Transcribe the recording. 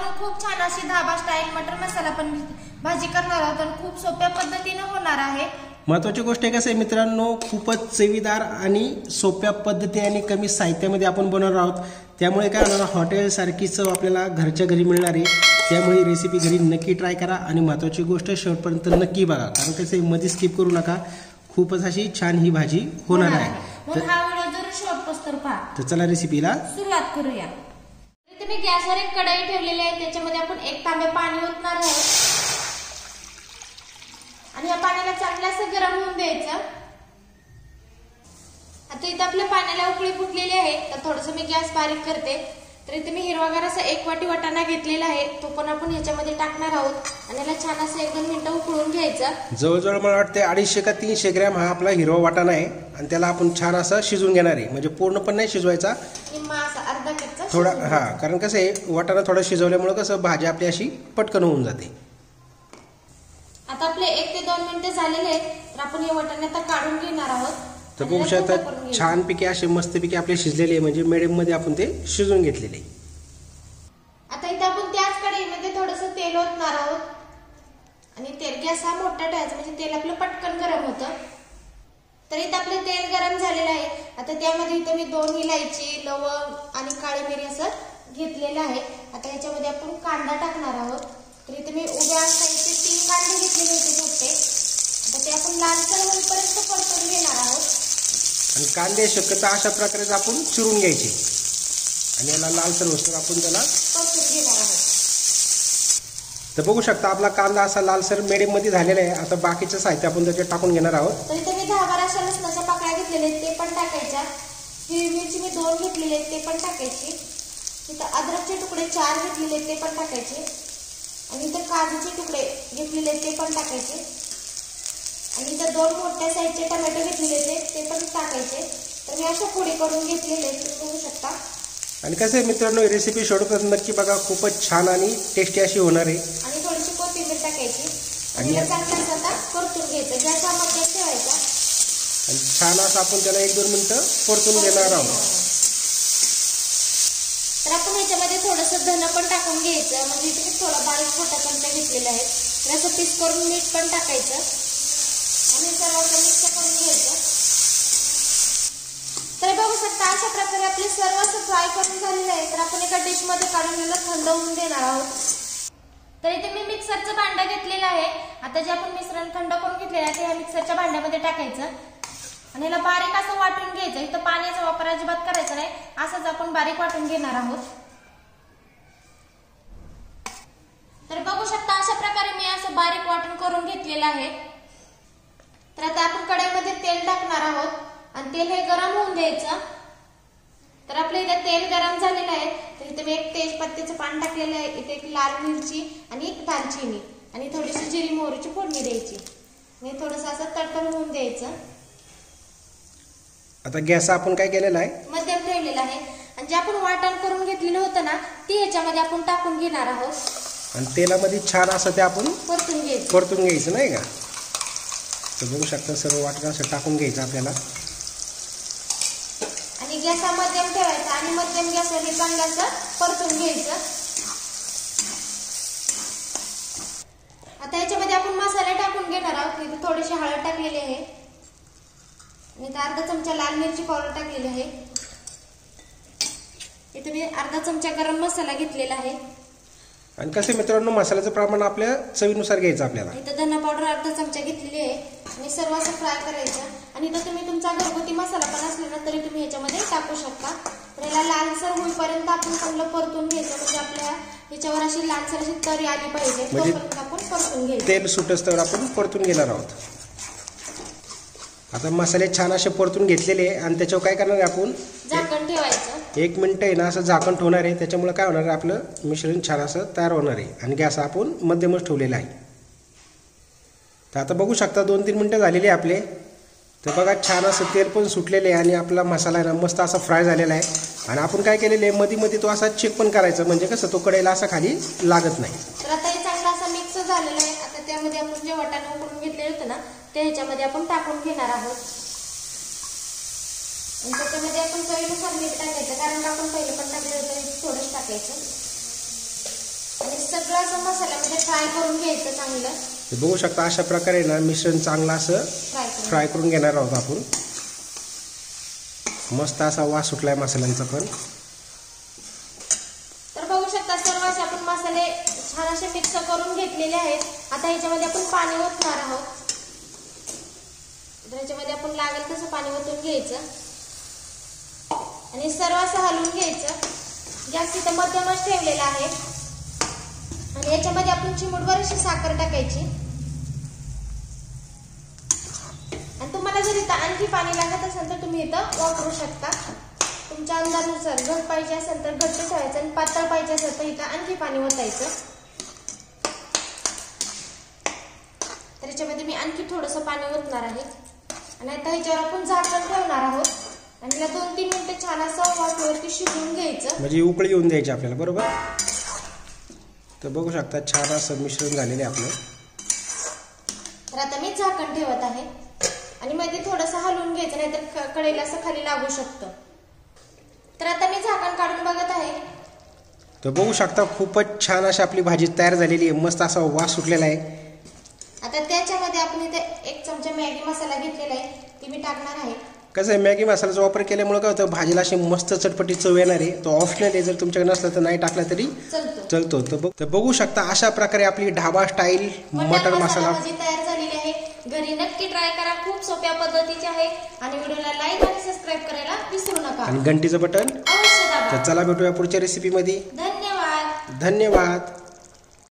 आपण खूप छान अशी धाबा स्टाईल मटर मसाला पण भाजी करणार आहोत आणि खूप सोप्या पद्धतीने होणार आहे महत्त्वाची गोष्ट आहे कसं आहे मित्रांनो खूपच चवीदार आणि सोप्या पद्धती आणि कमी साहित्यामध्ये आपण बनवणार आहोत त्यामुळे काय होणार हॉटेलसारखी चव आपल्याला घरच्या घरी मिळणार आहे त्यामुळे रेसिपी घरी नक्की ट्राय करा आणि महत्त्वाची गोष्ट शेवटपर्यंत नक्की बघा कारण कसं मध्ये स्किप करू नका खूपच अशी छान ही भाजी होणार आहे तर चला रेसिपीला सुरुवात करूया मी गॅसवर एक कढई ठेवलेली आहे त्याच्यामध्ये आपण एक तांबे पाणी ओतणार आहोत आणि या पाण्याला चांगलं असं गरम होऊन द्यायचं आता इथं आपल्या पाण्याला उकळी फुटलेली आहे तर थोडस मी गॅस बारीक करते तर इथे मी हिरवागार असा एक वाटी वाटाणा घेतलेला आहे तो पण आपण याच्यामध्ये टाकणार आहोत आणि याला छान असं एक दोन मिनिटं उकळून घ्यायचं जवळजवळ मला वाटते अडीचशे का तीनशे ग्रॅम हा आपला हिरवा वाटाणा आहे आणि त्याला आपण छान असं शिजून घेणार आहे म्हणजे पूर्ण पण नाही शिजवायचा अर्धा थोडा हा कारण कसं आहे वाटाणा थोडा शिजवल्यामुळे कसं भाजी आपली अशी पटकन होऊन जाते आता आपले एक ते दोन मिनिटे झालेले आहेत तर आपण हे वाटाणे आता काढून घेणार आहोत तर बघू शकता छानपैकी असे मस्तपैकी आपले शिजलेले म्हणजे मेडियम मध्ये आपण ते शिजून घेतलेले आता इथे आपण त्याच कढईमध्ये थोडस तेल ओतणार आहोत आणि तेल गॅस हा मोठा ठेवायचा म्हणजे तेल आपलं पटकन गरम होत तर इथं आपलं तेल गरम झालेलं आहे आता त्यामध्ये इथे मी दोन इलायची लवंग आणि काळी मिरी असं घेतलेलं आहे आता याच्यामध्ये आपण कांदा टाकणार आहोत तर इथे मी उभ्या साईडचे तीन कांदे घेतलेले होते मोठे आता ते आपण लाल होईपर्यंत परतून घेणार आहोत आणि कांदे शक्यता अशा प्रकारे आपण चिरून घ्यायचे आणि याला लालसर वस्तू आपण त्याला तर बघू शकता आपला कांदा असा लालसर मध्ये झालेला आहे आता बाकीचं साहित्य आपण त्याच्यात टाकून घेणार आहोत तर इथे मी दहा बारा अशा लसणाच्या पाकळ्या घेतलेल्या आहेत ते पण टाकायच्या ही मिरची मी दोन घेतलेले आहेत ते पण टाकायची तिथं अद्रकचे तुकडे चार घेतलेले आहेत ते पण टाकायचे आणि इथं काजूचे तुकडे घेतलेले आहेत ते पण टाकायचे आणि त्या दोन मोठ्या साईजचे टमॅटो घेतलेले होते ते पण टाकायचे तर मी अशा पुढे करून घेतलेले तुम्ही बघू शकता आणि कसं आहे मित्रांनो रेसिपी शोधतात नक्की बघा खूपच छान आणि टेस्टी अशी होणार आहे आणि थोडीशी कोथिंबीर टाकायची आणि परतून घ्यायचं ठेवायचा आणि छान असं आपण त्याला एक दोन मिनिटं परतून घेणार आहोत तर आपण याच्यामध्ये थोडंसं धन पण टाकून घ्यायचं म्हणजे थोडा बारीक मोठा चमचा घेतलेला आहे असं पीस करून मीठ पण टाकायचं मिक्स करून घ्यायचं तर बघू शकता अशा प्रकारे आपले सर्वच फ्राय करून झालेले आहे तर आपण एका डिशमध्ये काढून याला थंड होऊन देणार आहोत तर इथे मी मिक्सरचं भांडं घेतलेलं आहे आता जे आपण मिश्रण थंड करून घेतलेलं आहे ते ह्या मिक्सरच्या भांड्यामध्ये टाकायचं आणि याला बारीक असं वाटून घ्यायचं इथं पाण्याचा वापर अजिबात करायचा नाही असंच आपण बारीक वाटून घेणार आहोत तर बघू शकता अशा प्रकारे मी असं बारीक वाटून करून घेतलेलं आहे तर आता आपण कढईमध्ये तेल टाकणार आहोत आणि तेल हे गरम होऊन द्यायचं तर आपल्या इथे तेल गरम झालेलं आहे तर इथे मी एक तेजपत्त्याचं पान टाकलेलं आहे इथे एक लाल मिरची आणि एक दालचिनी आणि थोडीशी जिरी मोहरीची फोडणी द्यायची आणि थोडस असं तडतड होऊन द्यायचं आता गॅस आपण काय केलेला आहे मध्यम ठेवलेला आहे आणि जे आपण वाटण करून घेतलेलं होतं ना ते ह्याच्यामध्ये आपण टाकून घेणार आहोत आणि तेलामध्ये छान असं ते आपण परतून घ्यायचं परतून घ्यायचं नाही का तर बघू शकता सर्व वाटण असं टाकून घ्यायचं आपल्याला आणि गॅसा मध्यम ठेवायचा आणि मध्यम गॅसवर हे चांगलं परतून घ्यायचं आता याच्यामध्ये आपण मसाले टाकून घेणार आहोत इथे थोडीशी हळद टाकलेली आहे आणि इथे अर्धा चमचा लाल मिरची पावडर टाकलेली आहे इथे मी अर्धा चमचा गरम मसाला घेतलेला आहे आणि कसे मित्रांनो मसाल्याचं प्रमाण आपल्या चवीनुसार घ्यायचं आपल्याला इथं धना पावडर अर्धा चमचा घेतलेली आहे आणि सर्व असं फ्राय करायचं आणि इथं तुम्ही तुमचा घरगुती मसाला पण असला ना तरी तुम्ही ह्याच्यामध्ये टाकू शकता तर याला लालसर होईपर्यंत आपण चांगलं परतून घ्यायचं म्हणजे आपल्या ह्याच्यावर अशी लालसर अशी तरी आली पाहिजे म्हणजे तोपर्यंत आपण परतून घ्यायचं तेल सुटस्तवर आपण परतून घेणार आहोत आता मसाले छान असे परतून घेतलेले आहे आणि त्याच्यावर काय करणार आहे आपण एक मिनटं आहे ना असं झाकण ठेवणार आहे त्याच्यामुळे काय होणार आहे आपलं मिश्रण छान असं तयार होणार आहे आणि गॅस आपण मध्यमच ठेवलेला आहे तर आता बघू शकता दोन तीन मिनटं झालेली आहे आपले तर बघा छान असं तेल पण सुटलेलं आहे आणि आपला मसाला आहे ना मस्त असा फ्राय झालेला आहे आणि आपण काय केलेलं आहे मध्ये मध्ये तो असा चेक पण करायचं म्हणजे कसं तो कडेला असा खाली लागत नाही तर आता हे चांगला मिक्स झालेला आहे आता त्यामध्ये आपण जे ते ह्याच्यामध्ये आपण टाकून घेणार आहोत त्याच्यामध्ये आपण चवीनुसार मीठ टाकायचं कारण आपण पहिले पण टाकलं होतं थोडंच टाकायचं आणि सगळं असं मसाल्यामध्ये फ्राय करून घ्यायचं चांगलं बघू शकता अशा प्रकारे ना मिश्रण चांगलं असं फ्राय करून घेणार आहोत आपण मस्त असा वास सुटलाय मसाल्यांचा पण तर बघू शकता सर्व असे आपण मसाले छान असे मिक्स करून घेतलेले आहेत आता ह्याच्यामध्ये आपण पाणी ओतणार आहोत तर ह्याच्यामध्ये आपण लागेल तसं पाणी ओतून घ्यायचं आणि सर्व असं हलवून घ्यायचं गॅस तिथं मध्यमच ठेवलेला आहे आणि याच्यामध्ये आपण चिमूट अशी साखर टाकायची आणि तुम्हाला जर इथं आणखी पाणी लागत असेल तर तुम्ही इथं वापरू शकता तुमच्या अंदाजानुसार घट पाहिजे असेल तर घट्ट ठेवायचं आणि पातळ पाहिजे असेल तर इथं आणखी पाणी ओतायचं तर याच्यामध्ये मी आणखी थोडंसं पाणी ओतणार आहे आणि आता ह्याच्यावर आपण झाकण ठेवणार आहोत आणि या दोन तीन मिनिटं छान असं वाटवरती शिजवून घ्यायचं म्हणजे उकळी येऊन द्यायची आपल्याला बरोबर तर बघू शकता छान असं मिश्रण झालेलं आहे आपलं तर आता मी झाकण ठेवत आहे आणि मध्ये थोडंसं हलवून घ्यायचं नाहीतर कडेला असं खाली लागू शकतं तर आता मी झाकण काढून बघत आहे तर बघू शकता खूपच छान अशी आपली भाजी तयार झालेली आहे मस्त असा वास सुटलेला आहे आता त्याच्यामध्ये आपण इथे जे मॅगी मसाला घेतलेला आहे ते मी टाकणार आहे कसं आहे मॅगी मसाल्याचा वापर केल्यामुळे काय होतं भाजीला अशी मस्त चटपटी चव येणार आहे तो ऑप्शनल आहे जर तुमच्याकडे नसला तर नाही टाकला तरी चलतो तर बघ तर बघू शकता अशा प्रकारे आपली ढाबा स्टाईल मटर मसाला भाजी तयार झालेली आहे घरी नक्की ट्राय करा खूप सोप्या पद्धतीची आहे आणि व्हिडिओला लाईक आणि सबस्क्राईब करायला विसरू नका आणि घंटीचं बटन अवश्य दाबा. तर चला भेटूया पुढच्या रेसिपीमध्ये धन्यवाद धन्यवाद